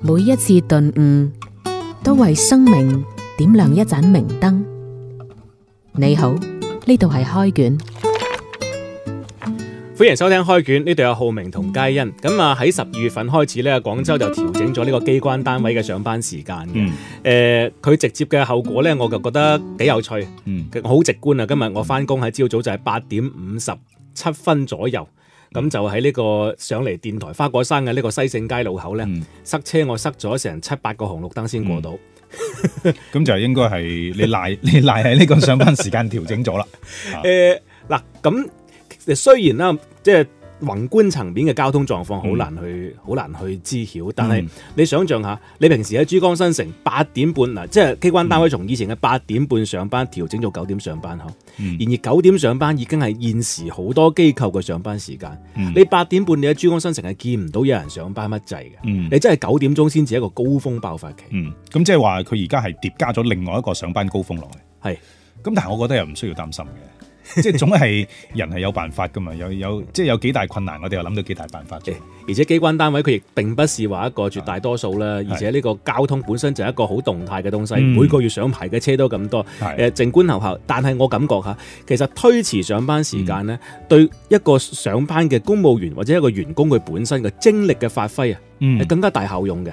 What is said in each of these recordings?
每一次頓悟，都為生命點亮一盞明燈。你好，呢度係開卷，歡迎收聽開卷。呢度有浩明同佳欣。咁啊，喺十二月份開始呢，廣州就調整咗呢個機關單位嘅上班時間嘅。佢、嗯呃、直接嘅後果呢，我就覺得幾有趣。好、嗯、直觀啊！今日我翻工喺朝早就係八點五十七分左右。咁就喺呢個上嚟電台花果山嘅呢個西勝街路口咧，塞車我塞咗成七八個紅綠燈先過到，嗯。咁 就應該係你賴你賴喺呢個上班時間調整咗啦。誒， 嗱，啊，咁，欸，雖然啦，即係。宏觀層面嘅交通狀況好難去，好、嗯、難去知曉。但係你想象下，你平時喺珠江新城八點半嗱，即係機關單位從以前嘅八點半上班調整到九點上班，嗬、嗯。然而九點上班已經係現時好多機構嘅上班時間。嗯、你八點半你喺珠江新城係見唔到有人上班乜滯嘅，你真係九點鐘先至一個高峰爆發期。嗯，咁即係話佢而家係疊加咗另外一個上班高峰落嚟。係，咁但係我覺得又唔需要擔心嘅。 即係總係人係有辦法噶嘛，有有即係有幾大困難，我哋又諗到幾大辦法嘅。而且機關單位佢亦並不是話一個絕大多數啦。而且呢個交通本身就係一個好動態嘅東西，每個月上牌嘅車都咁多。誒，靜觀後效，但係我感覺吓，其實推遲上班時間呢，對一個上班嘅公務員或者一個員工佢本身嘅精力嘅發揮啊，係更加大效用嘅，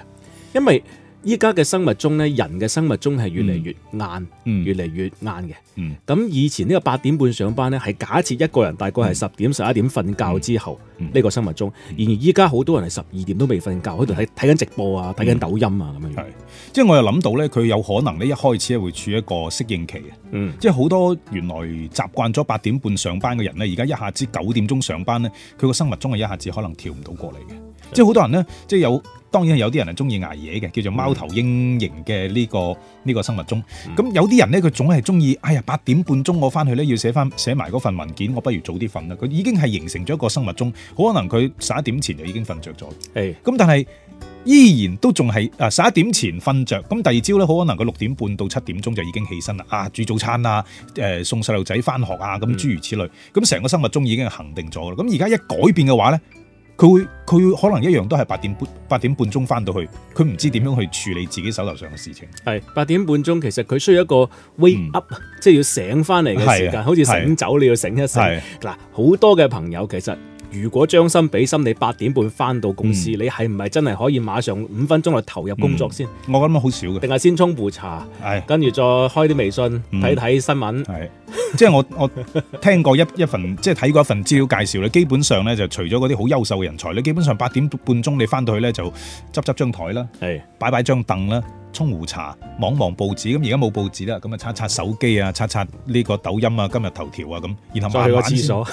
因為。依家嘅生物鐘咧，人嘅生物鐘係越嚟越晏、嗯嗯，越嚟越晏嘅。咁、嗯嗯、以前呢個八點半上班咧，係假設一個人大概係十點十一、嗯、點瞓覺之後呢、嗯嗯呢個生物鐘。然而依家好多人係十二點都未瞓覺，喺度睇睇緊直播啊，睇緊抖音啊咁、嗯、樣。即係、就是、我又諗到咧，佢有可能咧一開始咧會處一個適應期。嗯，即係好多原來習慣咗八點半上班嘅人咧，而家一下子九點鐘上班咧，佢個生物鐘係一下子可能調唔到過嚟嘅。即係好多人咧，即、就、係、是、有。當然有啲人係中意捱夜嘅，叫做貓頭鷹型嘅呢個呢、呢個生物鐘。咁、嗯、有啲人呢，佢總係中意，哎呀八點半鐘我翻去呢，要寫翻寫埋嗰份文件，我不如早啲瞓啦。佢已經係形成咗一個生物鐘，好可能佢十一點前就已經瞓着咗。咁但係依然都仲係啊十一點前瞓着。咁第二朝呢，好可能佢六點半到七點鐘就已經起身啦。啊，煮早餐啊，誒、呃、送細路仔翻學啊，咁、嗯、諸如此類。咁成個生物鐘已經係恒定咗啦。咁而家一改變嘅話呢。佢會佢可能一樣都係八點半八點半鐘翻到去，佢唔知點樣去處理自己手頭上嘅事情。係八點半鐘，其實佢需要一個 wake up，、嗯、即係要醒翻嚟嘅時間。好似醒酒你要醒一醒。嗱好多嘅朋友其實如果將心比心，你八點半翻到公司，嗯、你係唔係真係可以馬上五分鐘去投入工作先？嗯、我諗好少嘅。定係先沖杯茶，係、哎，跟住再開啲微信睇睇、嗯、新聞。係。 即係我我聽過一一份即係睇過一份資料介紹咧，基本上咧就除咗嗰啲好優秀嘅人才咧，基本上八點半鐘你翻到去咧，就執執張台啦，擺擺張凳啦，沖壺茶，望望報紙。咁而家冇報紙啦，咁啊刷刷手機啊，刷刷呢個抖音啊，今日頭條啊咁。然後慢慢再去個廁所，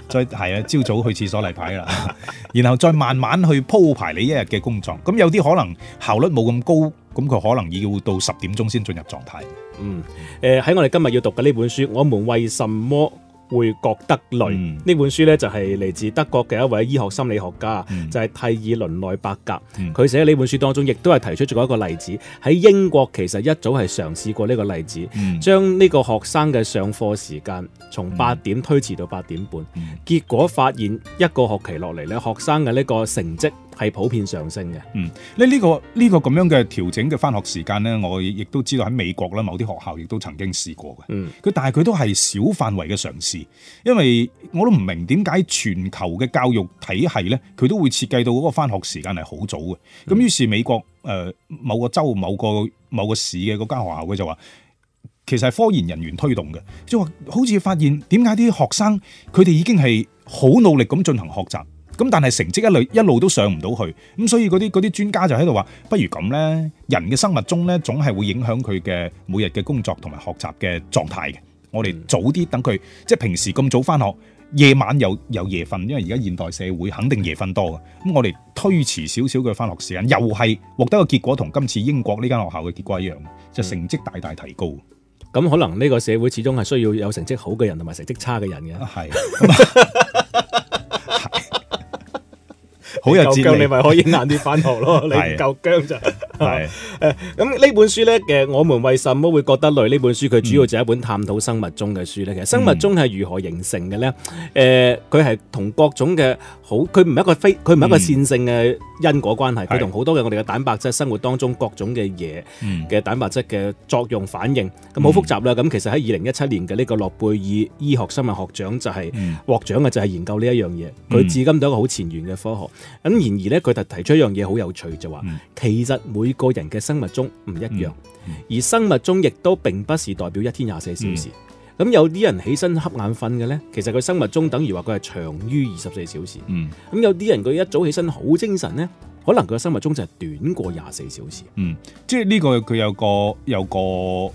再係啊，朝早去廁所例牌啦， 然後再慢慢去鋪排你一日嘅工作。咁有啲可能效率冇咁高。咁佢可能要到十點鐘先進入狀態。嗯，誒、呃，喺我哋今日要讀嘅呢本書《我們為什麼會覺得累》嗯，呢本書呢，就係、是、嚟自德國嘅一位醫學心理學家，嗯、就係、是、蒂爾倫內伯格。佢、嗯、寫呢本書當中，亦都係提出咗一個例子。喺英國其實一早係嘗試過呢個例子，嗯、將呢個學生嘅上課時間從八點推遲到八點半、嗯，結果發現一個學期落嚟咧，學生嘅呢個成績。係普遍上升嘅。嗯，咧、呢、呢個呢、呢個咁樣嘅調整嘅返學時間呢，我亦都知道喺美國啦，某啲學校亦都曾經試過嘅。嗯，佢但係佢都係小範圍嘅嘗試，因為我都唔明點解全球嘅教育體系呢，佢都會設計到嗰個返學時間係好早嘅。咁、嗯、於是美國誒、呃、某個州某個某個市嘅嗰間學校，佢就話，其實係科研人員推動嘅，即係話好似發現點解啲學生佢哋已經係好努力咁進行學習。咁但係成績一路一路都上唔到去，咁所以嗰啲嗰啲專家就喺度話，不如咁呢，人嘅生物鐘呢，總係會影響佢嘅每日嘅工作同埋學習嘅狀態嘅。我哋早啲等佢，即係平時咁早返學，夜晚又又夜瞓，因為而家現代社會肯定夜瞓多嘅。咁我哋推遲少少嘅返學時間，又係獲得個結果同今次英國呢間學校嘅結果一樣，嗯、就成績大大提高。咁、嗯、可能呢個社會始終係需要有成績好嘅人同埋成績差嘅人嘅。係。 夠姜你咪可以硬啲返學咯， 你唔夠姜就～ 係咁呢本書咧，誒，我們為什麼會覺得累？呢本書佢主要就一本探討生物鐘嘅書咧，嗯。其實生物鐘係如何形成嘅咧？誒、呃，佢係同各種嘅好，佢唔係一個非，佢唔係一個線性嘅因果關係。佢同好多嘅我哋嘅蛋白質，生活當中各種嘅嘢嘅蛋白質嘅作用反應，咁好複雜啦。咁、嗯、其實喺二零一七年嘅呢個諾貝爾醫學生物學獎就係、是嗯、獲獎嘅就係研究呢一樣嘢。佢、嗯、至今都一個好前沿嘅科學。咁然而咧，佢提提出一樣嘢好有趣，就話、嗯、其實每每個人嘅生物鐘唔一樣、嗯嗯，而生物鐘亦都並不是代表一天廿四小時。咁、嗯、有啲人起身瞌眼瞓嘅呢，其實佢生物鐘等於話佢係長於二十四小時。咁、嗯、有啲人佢一早起身好精神呢，可能佢嘅生物鐘就係短過廿四小時。嗯，即係呢個佢有個有個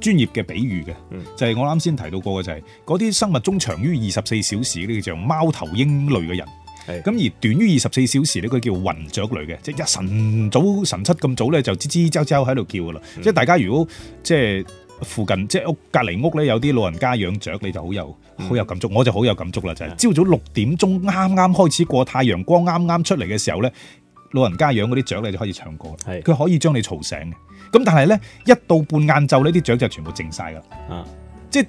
專業嘅比喻嘅，就係、是、我啱先提到過嘅、就是，就係嗰啲生物鐘長於二十四小時呢個叫貓頭鷹類嘅人。咁而短於二十四小時呢，佢叫雲雀類嘅，即係一晨早晨七咁早咧就吱吱啾啾喺度叫噶啦。即、嗯、係大家如果即係、就是、附近即係、就是、屋隔離屋咧有啲老人家養雀，你就好有好、嗯、有感觸。我就好有感觸啦，就係、是、朝早六點鐘啱啱開始過太陽光，啱啱出嚟嘅時候咧，老人家養嗰啲雀你就可以唱歌。佢可以將你嘈醒嘅。咁但係咧一到半晏晝呢啲雀就全部靜晒啦。啊，即係。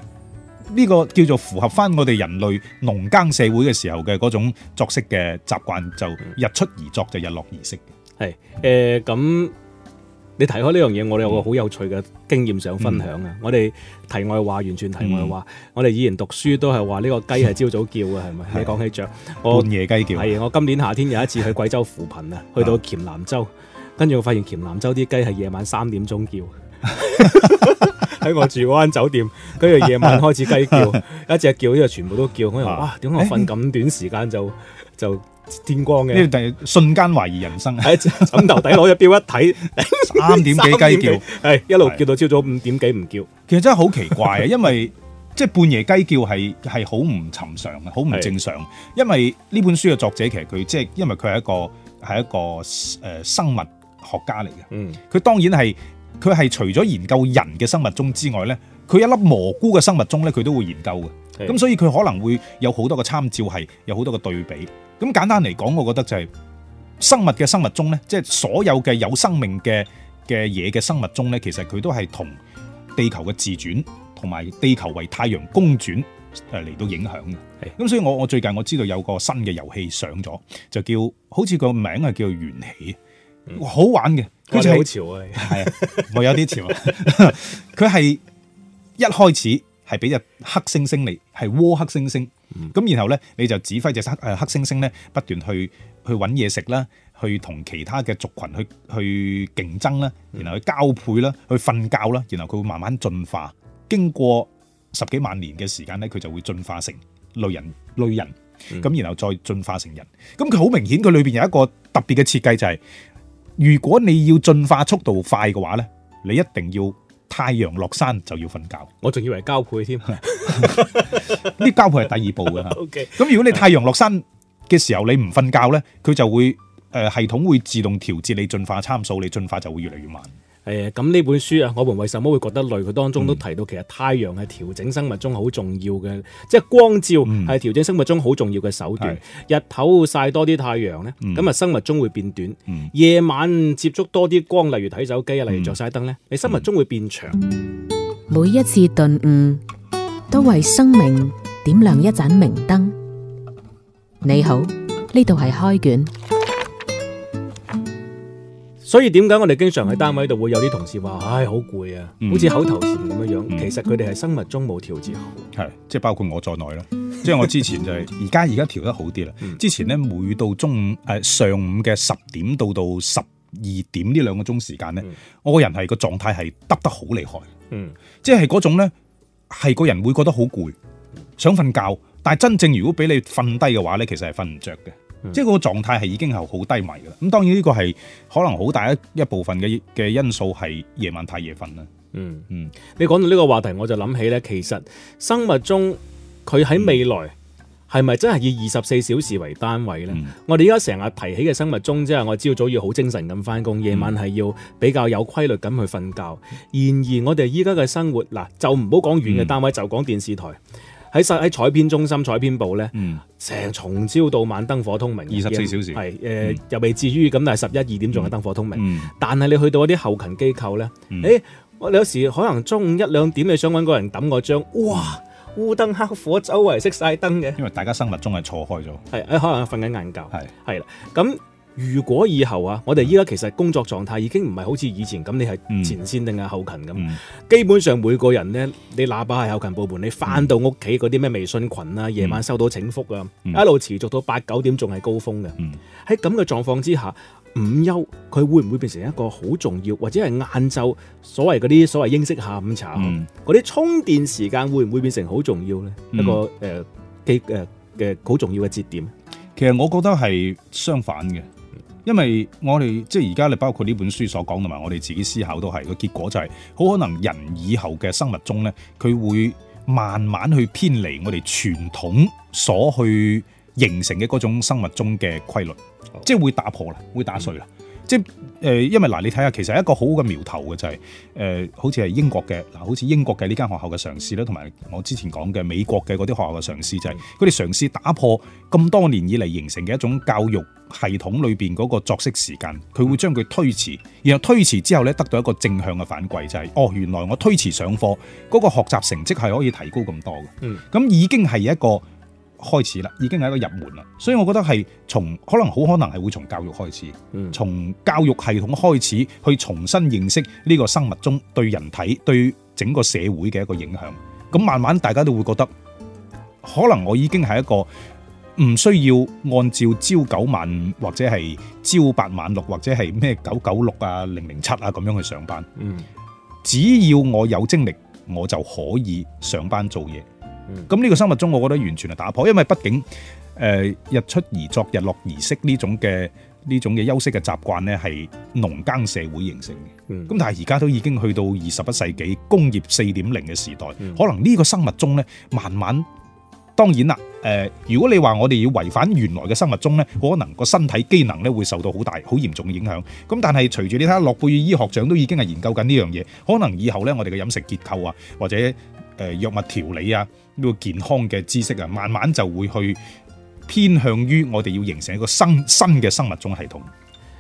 呢、這個叫做符合翻我哋人類農耕社會嘅時候嘅嗰種作息嘅習慣，就日出而作就日落而息。係誒咁，你提開呢樣嘢，我哋有個好有趣嘅經驗想分享啊、嗯！我哋題外話，完全題外話。嗯、我哋以前讀書都係話呢個雞係朝早叫嘅，係 咪？你講起雀，半夜雞叫。係我今年夏天有一次去貴州扶貧啊， 去到黔南州，跟住我發現黔南州啲雞係夜晚三點鐘叫。 喺我住嗰間酒店，佢度夜晚開始雞叫，一隻叫，呢就全部都叫。我話：哇，點解我瞓咁短時間、欸、就就天光嘅？瞬間懷疑人生，喺枕頭底攞隻錶一睇， 三點幾雞叫，係一路叫到朝早五點幾唔叫。其實真係好奇怪， 因為即係、就是、半夜雞叫係係好唔尋常嘅，好唔正常。因為呢本書嘅作者其實佢即係，因為佢係、就是、一個係一個誒、呃、生物學家嚟嘅。佢、嗯、當然係。佢係除咗研究人嘅生物鐘之外咧，佢一粒蘑菇嘅生物鐘咧，佢都會研究嘅。咁所以佢可能會有好多個參照系，係有好多個對比。咁簡單嚟講，我覺得就係生物嘅生物鐘咧，即係所有嘅有生命嘅嘅嘢嘅生物鐘咧，其實佢都係同地球嘅自轉同埋地球為太陽公轉誒嚟到影響嘅。咁所以我我最近我知道有個新嘅遊戲上咗，就叫好似個名係叫元起。好玩嘅，好似好潮啊！係啊，我有啲潮。佢係一開始係俾隻黑猩猩嚟，係窩黑猩猩。咁然後咧，你就指揮隻黑誒黑猩猩咧，不斷去去揾嘢食啦，去同其他嘅族群去去競爭啦，然後去交配啦，去瞓覺啦，然後佢會慢慢進化。經過十幾萬年嘅時間咧，佢就會進化成類人類人。咁然後再進化成人。咁佢好明顯，佢裏邊有一個特別嘅設計就係。如果你要進化速度快嘅話呢，你一定要太陽落山就要瞓覺。我仲以為交配添，呢 交配係第二步嘅。咁、okay. 如果你太陽落山嘅時候你唔瞓覺呢，佢就會誒、呃、系統會自動調節你進化參數，你進化就會越嚟越慢。誒咁呢本書啊，我們為什麼會覺得累？佢當中都提到，其實太陽係調整生物鐘好重要嘅、嗯，即係光照係調整生物鐘好重要嘅手段。嗯、日頭曬多啲太陽咧，咁、嗯、啊生物鐘會變短、嗯；夜晚接觸多啲光，例如睇手機啊、嗯，例如着曬燈咧、嗯，你生物鐘會變長。每一次頓悟，都為生命點亮一盞明燈。你好，呢度係開卷。所以點解我哋經常喺單位度會有啲同事話、嗯、唉好攰啊，好似口頭禪咁樣樣、嗯。其實佢哋係生物鐘冇調節好，係即係包括我在內咯。 即係我之前就係而家而家調得好啲啦。之前咧每到中午誒、呃、上午嘅十點到到十二點呢兩個鐘時間咧、嗯，我個人係個狀態係得得好厲害，嗯，即係嗰種咧係個人會覺得好攰，想瞓覺，但係真正如果俾你瞓低嘅話咧，其實係瞓唔着嘅。嗯、即係嗰個狀態係已經係好低迷噶啦，咁當然呢個係可能好大一一部分嘅嘅因素係夜晚太夜瞓啦。嗯嗯，你講到呢個話題，我就諗起呢，其實生物鐘佢喺未來係咪、嗯、真係以二十四小時為單位呢？嗯、我哋依家成日提起嘅生物鐘，即係我朝早要好精神咁翻工，夜、嗯、晚係要比較有規律咁去瞓覺。然而我哋依家嘅生活，嗱就唔好講遠嘅單位，嗯、就講電視台。喺喺採編中心、採編部咧，成、嗯、從朝到晚燈火通明，二十四小時。係誒、呃嗯，又未至於咁，但係十一二點仲係燈火通明。嗯、但係你去到一啲後勤機構咧，誒、嗯欸，我有時可能中午一兩點你想揾個人抌個章，哇，烏燈黑火，周圍熄晒燈嘅。因為大家生物鐘係錯開咗。係誒，可能瞓緊晏覺。係係啦，咁。如果以後啊，我哋依家其實工作狀態已經唔係好似以前咁，你係前線定係後勤咁、嗯嗯。基本上每個人呢，你喇叭係後勤部門，你翻到屋企嗰啲咩微信群啊，夜、嗯、晚收到請復啊，嗯、一路持續到八九點仲係高峰嘅。喺咁嘅狀況之下，午休佢會唔會變成一個好重要，或者係晏晝所謂嗰啲所謂英式下午茶嗰啲、嗯、充電時間會唔會變成好重要呢？嗯、一個誒幾誒嘅好重要嘅節點。其實我覺得係相反嘅。因為我哋即係而家你包括呢本書所講同埋我哋自己思考都係個結果，就係好可能人以後嘅生物鐘呢，佢會慢慢去偏離我哋傳統所去形成嘅嗰種生物鐘嘅規律，即係會打破啦，會打碎啦，即誒，因為嗱，你睇下，其實一個好好嘅苗頭嘅就係誒，好似係英國嘅嗱，好似英國嘅呢間學校嘅嘗試啦，同埋我之前講嘅美國嘅嗰啲學校嘅嘗試，就係佢哋嘗試打破咁多年以嚟形成嘅一種教育系統裏邊嗰個作息時間，佢會將佢推遲，然後推遲之後咧得到一個正向嘅反饋，就係哦，原來我推遲上課嗰個學習成績係可以提高咁多嘅。嗯，咁已經係一個。開始啦，已經係一個入門啦，所以我覺得係從可能好可能係會從教育開始，嗯，從教育系統開始去重新認識呢個生物鐘對人體對整個社會嘅一個影響。咁慢慢大家都會覺得，可能我已經係一個唔需要按照朝九晚五或者係朝八晚六或者係咩九九六啊零零七啊咁樣去上班。嗯，只要我有精力，我就可以上班做嘢。咁、嗯、呢個生物鐘，我覺得完全係打破，因為畢竟誒、呃、日出而作日落而息呢種嘅呢種嘅休息嘅習慣呢係農耕社會形成嘅。咁、嗯、但係而家都已經去到二十一世紀工業四點零嘅時代，嗯、可能呢個生物鐘呢，慢慢，當然啦，誒、呃，如果你話我哋要違反原來嘅生物鐘呢，可能個身體機能呢會受到好大好嚴重嘅影響。咁但係隨住你睇下諾貝爾醫學獎都已經係研究緊呢樣嘢，可能以後呢，我哋嘅飲食結構啊或者。誒藥物調理啊，呢個健康嘅知識啊，慢慢就會去偏向於我哋要形成一個新新嘅生物鐘系統。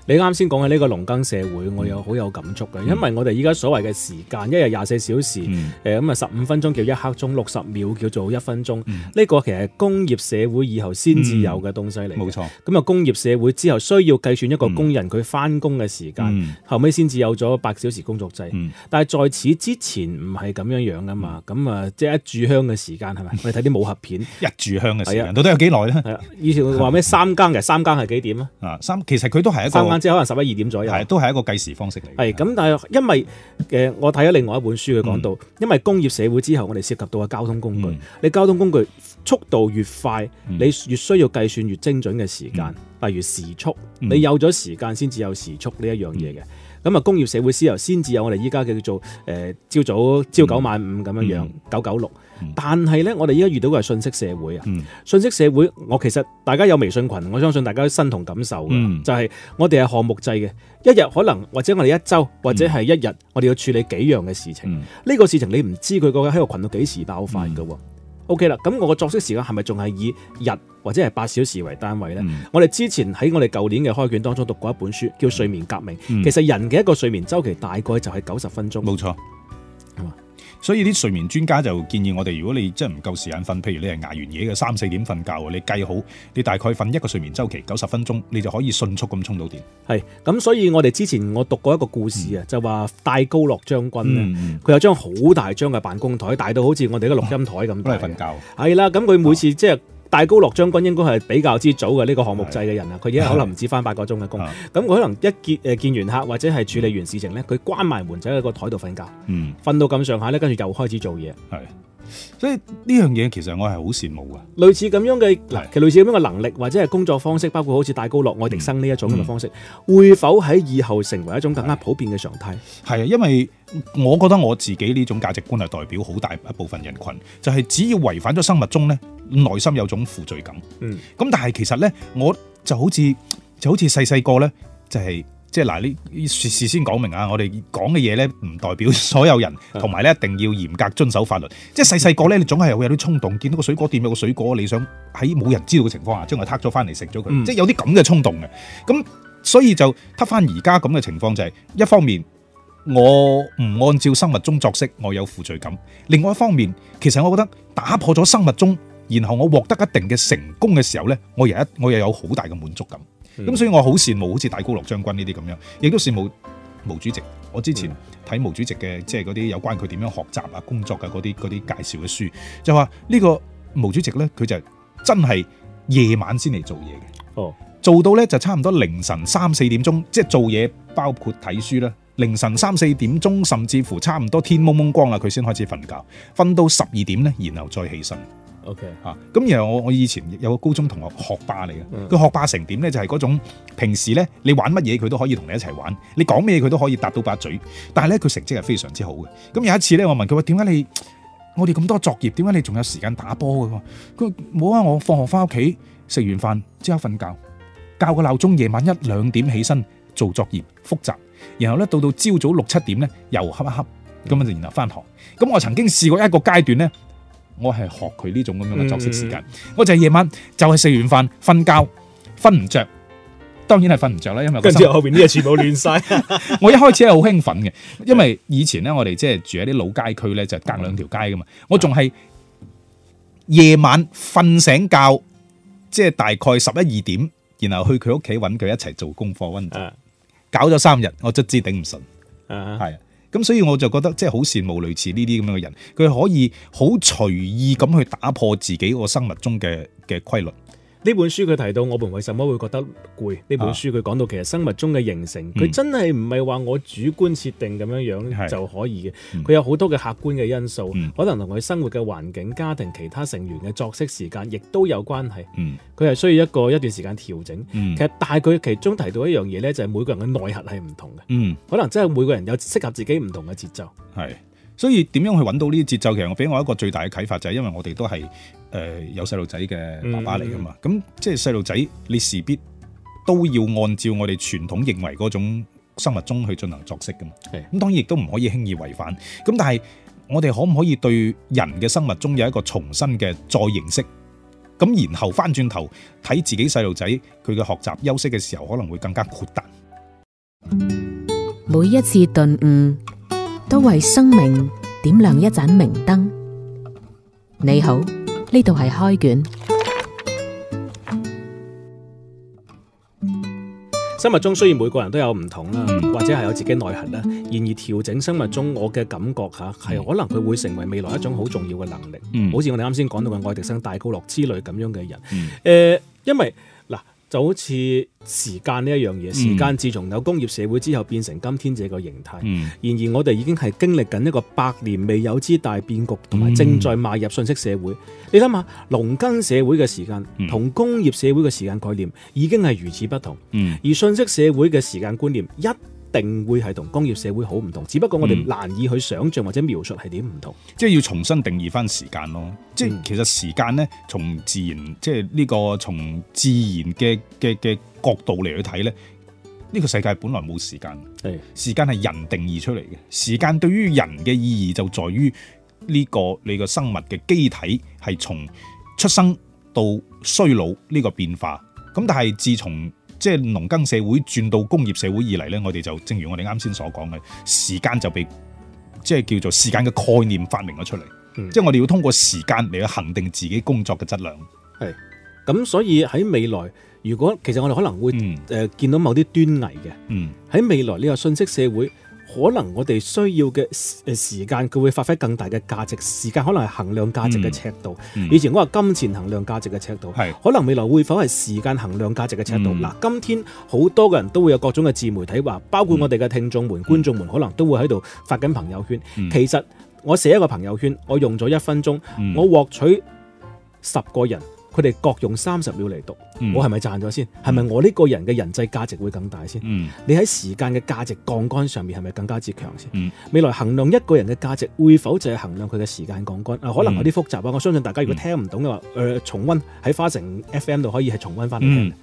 你啱先講嘅呢個農耕社會，我有好有感觸嘅，因為我哋依家所謂嘅時間，一日廿四小時，誒咁啊十五分鐘叫一刻鐘，六十秒叫做一分鐘，呢、嗯這個其實是工業社會以後先至有嘅東西嚟。冇、嗯、錯，咁啊工業社會之後需要計算一個工人佢翻工嘅時間、嗯，後尾先至有咗八小時工作制。嗯、但係在此之前唔係咁樣樣噶嘛，咁啊即係一炷香嘅時間係咪？我哋睇啲武俠片一炷香嘅時間到底有幾耐呢？以前話咩三更嘅三更係幾點啊？三其實佢都係一個。即可能十一二點左右，係都係一個計時方式嚟。咁，但係因為誒，我睇咗另外一本書，佢講到、嗯，因為工業社會之後，我哋涉及到嘅交通工具、嗯，你交通工具。速度越快，嗯、你越需要計算越精準嘅時間，例、嗯、如時速。嗯、你有咗時間先至有時速呢一樣嘢嘅。咁、嗯、啊，工業社會之後先至有我哋依家嘅叫做誒、呃，朝早朝九晚五咁樣樣、嗯，九九六。嗯、但係呢，我哋依家遇到嘅係信息社會啊、嗯！信息社會，我其實大家有微信群，我相信大家都身同感受嘅、嗯，就係、是、我哋係項目制嘅，一日可能或者我哋一周或者係一日，我哋要處理幾樣嘅事情。呢、嗯這個事情你唔知佢個喺個群度幾時爆發嘅。嗯 O.K. 啦，咁我個作息時間係咪仲係以日或者係八小時為單位呢？嗯、我哋之前喺我哋舊年嘅開卷當中讀過一本書叫《睡眠革命》，嗯、其實人嘅一個睡眠週期大概就係九十分鐘。冇錯。所以啲睡眠專家就建議我哋，如果你真係唔夠時間瞓，譬如你係捱完夜嘅三四點瞓覺，你計好，你大概瞓一個睡眠週期九十分鐘，你就可以迅速咁充到電。係，咁所以我哋之前我讀過一個故事啊、嗯，就話戴高樂將軍咧，佢、嗯嗯、有張好大張嘅辦公台，大到好似我哋嘅錄音台咁大。都係瞓覺。係啦，咁佢每次、哦、即係。戴高樂將軍應該係比較之早嘅呢、呢個項目制嘅人啊，佢而家可能唔止返八個鐘嘅工，咁佢可能一見誒見完客或者係處理完事情咧，佢、嗯、關埋門仔喺個台度瞓覺，瞓、嗯、到咁上下咧，跟住又開始做嘢。所以呢樣嘢，其實我係好羨慕噶，類似咁樣嘅嗱，其類似咁樣嘅能力或者係工作方式，包括好似戴高樂、愛迪生呢一種咁嘅方式，嗯、會否喺以後成為一種更加普遍嘅常態？係啊，因為我覺得我自己呢種價值觀係代表好大一部分人群，就係、是、只要違反咗生物鐘咧，內心有種負罪感。嗯，咁但係其實咧，我就好似就好似細細個咧，就係、是。即係嗱，呢事先講明啊！我哋講嘅嘢咧，唔代表所有人，同埋咧一定要嚴格遵守法律。 即係細細個咧，你總係會有啲衝動，見到個水果店有個水果，你想喺冇人知道嘅情況下將佢撻咗翻嚟食咗佢，即係有啲咁嘅衝動嘅。咁所以就撻翻而家咁嘅情況就係、是，一方面我唔按照生物鐘作息，我有負罪感；另外一方面，其實我覺得打破咗生物鐘，然後我獲得一定嘅成功嘅時候咧，我又一我又有好大嘅滿足感。咁、嗯、所以我很羨好羨慕好似戴高樂將軍呢啲咁樣，亦都羨慕毛主席。我之前睇毛主席嘅即係嗰啲有關佢點樣學習啊、工作啊嗰啲嗰啲介紹嘅書，就話呢個毛主席呢，佢就真係夜晚先嚟做嘢嘅。哦，做到呢就差唔多凌晨三四點鐘，即係做嘢包括睇書啦。凌晨三四點鐘，甚至乎差唔多天蒙蒙光啦，佢先開始瞓覺，瞓到十二點呢，然後再起身。O K，嚇，咁然後我我以前有個高中同學，學霸嚟嘅，佢、嗯、學霸成點咧？就係嗰種平時咧，你玩乜嘢佢都可以同你一齊玩，你講咩佢都可以答到把嘴。但係咧佢成績係非常之好嘅。咁有一次咧，我問佢話：點解你，我哋咁多作業，點解你仲有時間打波嘅？佢冇啊！我放學翻屋企食完飯即刻瞓覺，教個鬧鐘，夜晚一兩點起身做作業複習，然後咧到到朝早六七點咧又瞌一瞌，咁、嗯、啊然後翻學。咁我曾經試過一個階段咧。我係學佢呢種咁樣嘅作息時間，我就係夜晚就係、是、食完飯瞓覺，瞓唔着，當然係瞓唔着啦，因為跟住後邊呢啲嘢全部亂晒， 我一開始係好興奮嘅，因為以前咧我哋即係住喺啲老街區咧，就是、隔兩條街噶嘛，我仲係夜晚瞓醒覺，即、就、係、是、大概十一二點，然後去佢屋企揾佢一齊做功課溫習，搞咗三日，我卒之頂唔順，係。咁所以我就覺得即係好羨慕類似呢啲咁樣嘅人，佢可以好隨意咁去打破自己個生物鐘嘅嘅規律。呢本書佢提到我們為什麼會覺得攰？呢本書佢講到其實生物鐘嘅形成，佢、啊、真係唔係話我主觀設定咁樣樣就可以嘅。佢、嗯、有好多嘅客觀嘅因素，嗯、可能同佢生活嘅環境、家庭其他成員嘅作息時間亦都有關係。佢、嗯、係需要一個一段時間調整、嗯。其實但係佢其中提到一樣嘢呢，就係、是、每個人嘅內核係唔同嘅、嗯。可能真係每個人有適合自己唔同嘅節奏。係，所以點樣去揾到呢啲節奏？其實我俾我一個最大嘅啟發就係、是，因為我哋都係。誒、呃，有細路仔嘅爸爸嚟噶嘛？咁、嗯、即係細路仔，你事必都要按照我哋傳統認為嗰種生物鐘去進行作息噶嘛？咁當然亦都唔可以輕易違反。咁但係我哋可唔可以對人嘅生物鐘有一個重新嘅再認識？咁然後翻轉頭睇自己細路仔佢嘅學習、休息嘅時候，可能會更加豁達。每一次頓悟，都為生命點亮一盞明燈。你好。呢度係開卷。生物鐘雖然每個人都有唔同啦，嗯，或者係有自己內核啦，然而調整生物鐘我嘅感覺吓，係可能佢會成為未來一種好重要嘅能力。嗯，好似我哋啱先講到嘅愛迪生、戴高樂之類咁樣嘅人。誒，嗯、呃，因為。就好似時間呢一樣嘢，時間自從有工業社會之後變成今天這個形態。嗯、然而我哋已經係經歷緊一個百年未有之大變局，同埋正在邁入信息社會。嗯、你諗下，農耕社會嘅時間、嗯、同工業社會嘅時間概念已經係如此不同、嗯，而信息社會嘅時間觀念一。定會係同工業社會好唔同，只不過我哋難以去想像或者描述係點唔同。即、嗯、係、就是、要重新定義返時間咯。即係其實時間呢，從自然即係、這、呢個從自然嘅嘅嘅角度嚟去睇呢，呢、這個世界本來冇時間。係時間係人定義出嚟嘅。時間對於人嘅意義就在於呢、這個你個生物嘅機體係從出生到衰老呢個變化。咁但係自從即係農耕社會轉到工業社會以嚟咧，我哋就正如我哋啱先所講嘅，時間就被即係叫做時間嘅概念發明咗出嚟、嗯，即係我哋要通過時間嚟去恒定自己工作嘅質量。係，咁所以喺未來，如果其實我哋可能會誒、嗯呃、見到某啲端倪嘅，喺、嗯、未來呢個信息社會。可能我哋需要嘅誒時間，佢會發揮更大嘅價值。時間可能係衡量價值嘅尺度、嗯嗯。以前我話金錢衡量價值嘅尺度、係，可能未來會否係時間衡量價值嘅尺度？嗱、嗯，今天好多嘅人都會有各種嘅自媒體話，包括我哋嘅聽眾們、嗯、觀眾們可能都會喺度發緊朋友圈、嗯。其實我寫一個朋友圈，我用咗一分鐘、嗯，我獲取十個人。佢哋各用三十秒嚟讀，我係咪賺咗先？係、嗯、咪我呢個人嘅人際價值會更大先、嗯？你喺時間嘅價值槓桿上面係咪更加之強先？未來衡量一個人嘅價值會否就係衡量佢嘅時間槓桿？啊、嗯，可能有啲複雜啊！我相信大家如果聽唔懂嘅話，誒、嗯呃，重溫喺花城 FM 度可以係重溫翻俾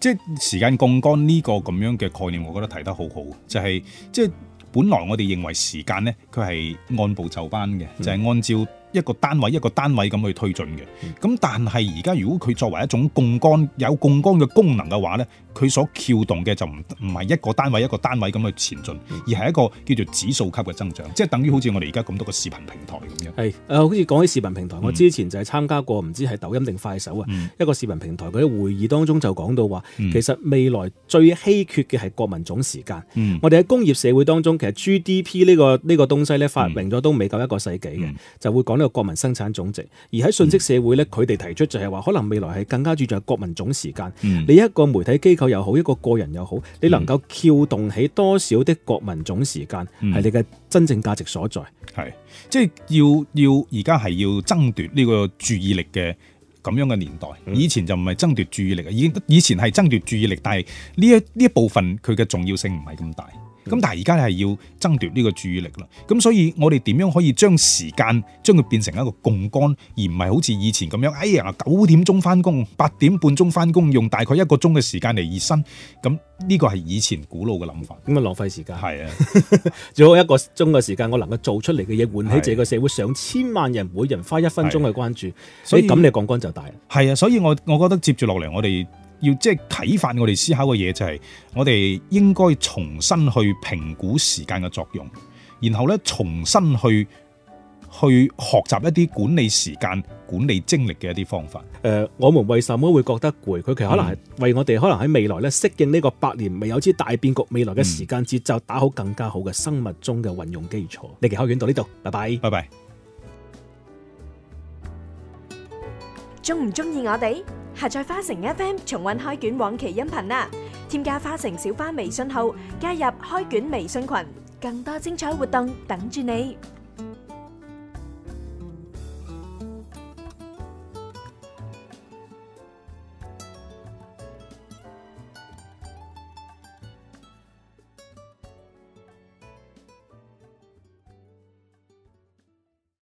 即係時間槓桿呢個咁樣嘅概念，我覺得提得好好，就係即係本來我哋認為時間呢，佢係按部就班嘅、嗯，就係、是、按照。一個單位一個單位咁去推進嘅，咁但係而家如果佢作為一種槓桿，有槓桿嘅功能嘅話呢。佢所撬動嘅就唔唔係一個單位一個單位咁去前進，而係一個叫做指數級嘅增長，即係等於好似我哋而家咁多個視頻平台咁樣是、呃。好似講起視頻平台，我之前就係參加過唔、嗯、知係抖音定快手啊、嗯，一個視頻平台佢喺會議當中就講到話、嗯，其實未來最稀缺嘅係國民總時間。嗯、我哋喺工業社會當中，其實 GDP、呢個呢個東西咧發明咗都未夠一個世紀嘅、嗯，就會講呢個國民生產總值。而喺信息社會咧，佢哋提出就係話可能未來係更加注重國民總時間、嗯。你一個媒體機構。又好，一個個人又好，你能夠撬動起多少的國民總時間，係、嗯、你嘅真正價值所在。係，即係要要而家係要爭奪呢個注意力嘅咁樣嘅年代。以前就唔係爭奪注意力啊，已經以前係爭奪注意力，但係呢一呢一部分佢嘅重要性唔係咁大。咁、嗯、但而家係要爭奪呢個注意力啦，咁所以我哋點樣可以將時間將佢變成一個槓杆，而唔係好似以前咁樣，哎呀九點鐘翻工，八點半鐘翻工，用大概一個鐘嘅時,時間嚟熱身，咁呢個係以前古老嘅諗法，咁、嗯、啊浪費時間，係啊，最好 一個鐘嘅時,時間我能夠做出嚟嘅嘢，喚起這個社會上千萬人，每人花一分鐘去關注，啊、所以咁你槓杆就大啦，係啊，所以我我覺得接住落嚟我哋。要即係啟發我哋思考嘅嘢，就係我哋應該重新去評估時間嘅作用，然後咧重新去去學習一啲管理時間、管理精力嘅一啲方法。誒、呃，我們為什麼會覺得攰？佢其實可能係為我哋可能喺未來咧適應呢個百年未有之大變局未來嘅時間節奏打好更加好嘅生物鐘嘅運用基礎。呢期開遠到呢度，拜拜，拜拜。中唔中意我哋？下載花城 FM 重溫開卷往期音頻啦！添加花城小花微信號，加入開卷微信群，更多精彩活動等住你。